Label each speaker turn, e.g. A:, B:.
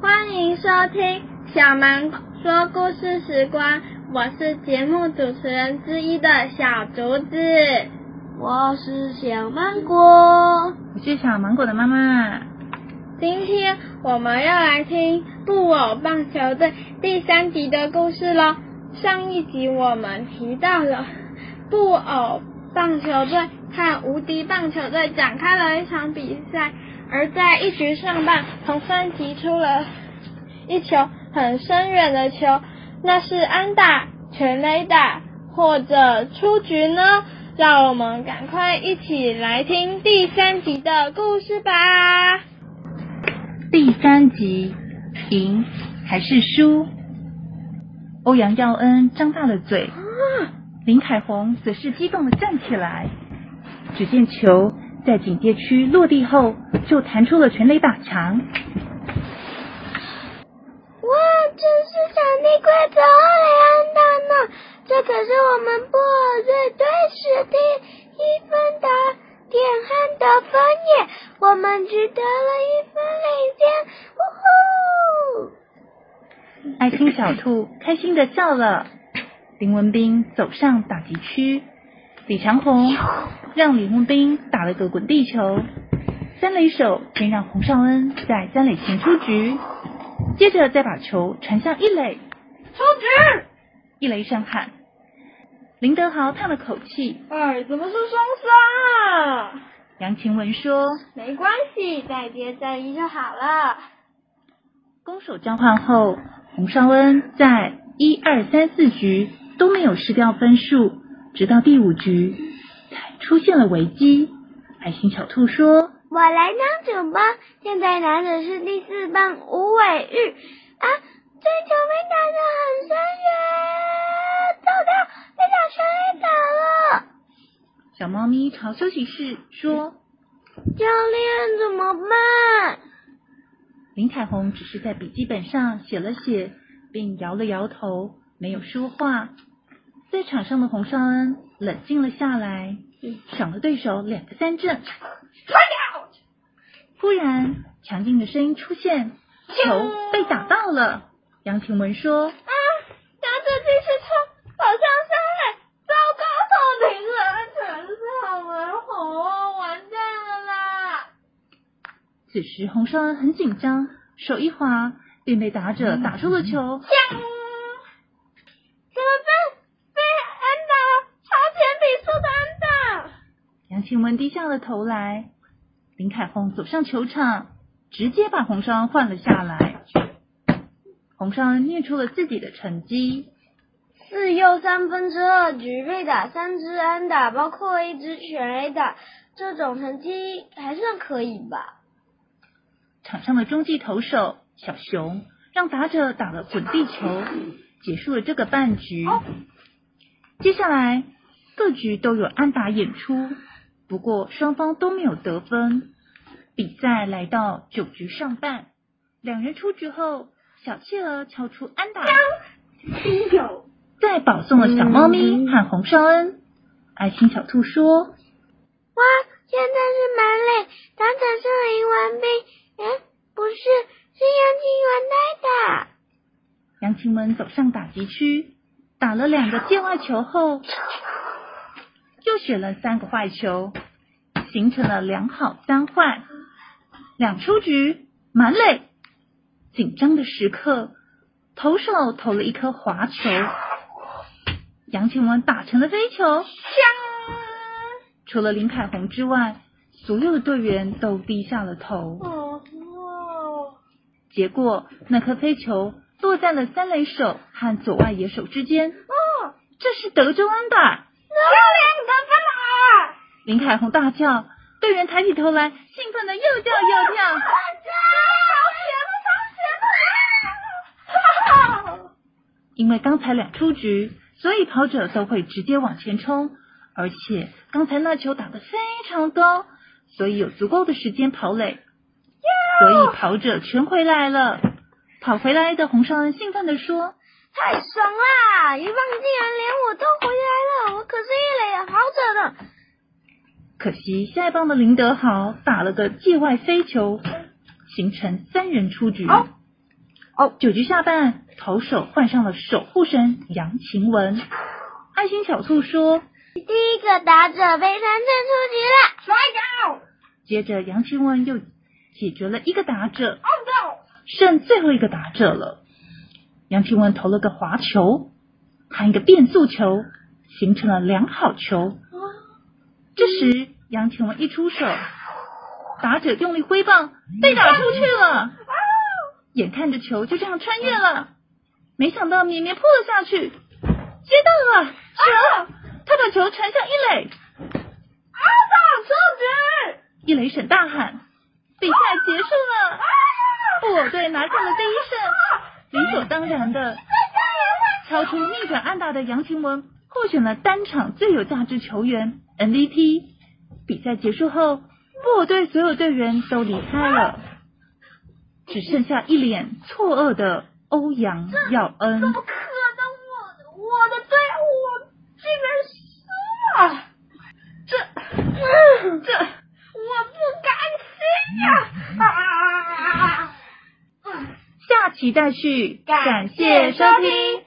A: 歡
B: 迎收聽小芒果說故事時光，我是節目主持人之一的小竹子，我是小芒果，我是小芒果的媽媽。今天我們要來聽布偶棒球隊第三集的故事咯，上一集我們提到了布偶棒球隊和無敵棒球隊展開了一場比賽。而在一局上半，彭三提出了一球很深遠的球，那是安打、全壘打或者出局呢？讓我們趕快一起來聽第三集的故事吧。第三集，贏還是輸？歐陽耀恩張大了嘴，啊，林凱虹則是激動地站起來，只見球。在警戒區落地後，就彈出了全壘打牆。
A: 哇，真是想內怪走、啊！雷安達呢！這可是我們布偶最隊史第一分打點焊的分野，我們取得了一分領先。嗚呼，呼！
B: 愛心小兔開心的笑了。林文斌走上打擊區，李長虹。讓李木斌打了個滾地球，三壘手先讓洪少恩在三壘前出局，接着再把球傳向一壘出局，一壘上喊，林德豪嘆了口氣，哎，怎麼是雙殺啊？楊晴雯說，沒關係，再接再厲就好
A: 了。攻守
B: 交換後，洪少恩在一二三四局都沒有失掉分數，直到第五局。出現了危機，愛心小兔說：“
A: 我來當主播。”現在拿的是第四棒吳偉玉啊，這球被打得很深遠，糟糕，被打全壘打了！
B: 小貓咪朝休息室說：“教練怎麼辦？”林彩虹只是在筆記本上寫了寫，並搖了搖頭，沒有說話。在場上的洪少恩。冷靜了下來，賞了對手兩個三振。快點！突然，強勁的聲音出現，球被打到了。嗯、楊婷文說：“啊，
A: 打者繼續衝，好像上海，糟糕，透頂了，全是好玩紅、哦，完蛋了
B: 啦！”此時，紅雙很緊張，手一滑，便被打者，打出了球。嗯嗯。請問低下了頭來，林凱峰走上球場，直接把紅雙換了下來。紅雙念出了自己的成績：四
A: 又三分之二局被打
B: 三支安打，包括一支全
A: 壘打，這種成績還算可以吧？
B: 場上的中繼投手小熊讓打者打了滾地球，結束了這個半局。哦。接下來各局都有安打演出。不過雙方都沒有得分，比賽來到九局上半，兩人出局後，小企鵝敲出安打，嗯、再保送了小貓咪和洪少恩。愛心小兔說：“
A: 哇，現在是滿壘，打者上壘完畢。嗯，不是，是楊清完代打。
B: 楊清文走上打擊區，打了兩個界外球後。就選了三個壞球，形成了兩好三壞，兩出局，滿壘，緊張的時刻，投手投了一顆滑球，楊慶文打成了飛球，槍！除了林凱宏之外，所有的隊員都低下了頭。哦、結果，那顆飛球落在了三壘手和左外野手之間。哦，這是德州安打。
A: 不要臉
B: 你在哪兒？林凱紅大叫，隊員抬起頭來，
A: 興奮的又叫又跳，又跳。
B: 因為剛才兩出局，所以跑者都會直接往前衝，而且剛才那球打得非常高，所以有足夠的時間跑壘，所以跑者全回來了。跑回來的洪少恩興奮地說。
A: 太爽啦！一棒竟然連我都回來了，我可是一臉好者呢。
B: 可惜下一棒的林德豪打了個界外飛球，形成三人出局。哦、oh. oh.，九局下半，投手換上了守護神楊晴雯。愛心小兔說：“第一個打者被三振出局了。”
A: 摔
B: 倒。接着楊晴雯又解決了一個打者。哦、oh, no！剩最後一個打者了。楊廷文投了個滑球，和一個變速球，形成了兩好球。這時、嗯、楊廷文一出手，打者用力揮棒，被打出去
A: 了。
B: 哎、眼看着球就這樣穿越了，哎、沒想到綿綿撲了下去，接到了球，哎，他把球傳向一壘。
A: 啊、哎！出局！
B: 一壘審大喊：“比賽結束
A: 了，
B: 布、哎、偶隊拿下了第一勝。哎”理所當然的，超、哎、出逆轉安打的楊晴文，獲選了單場最有價值球員 MVP。比賽結束後，隊伍所有隊員都離開了、啊，只剩下一臉錯愕的歐陽耀恩。期待去，感謝收聽。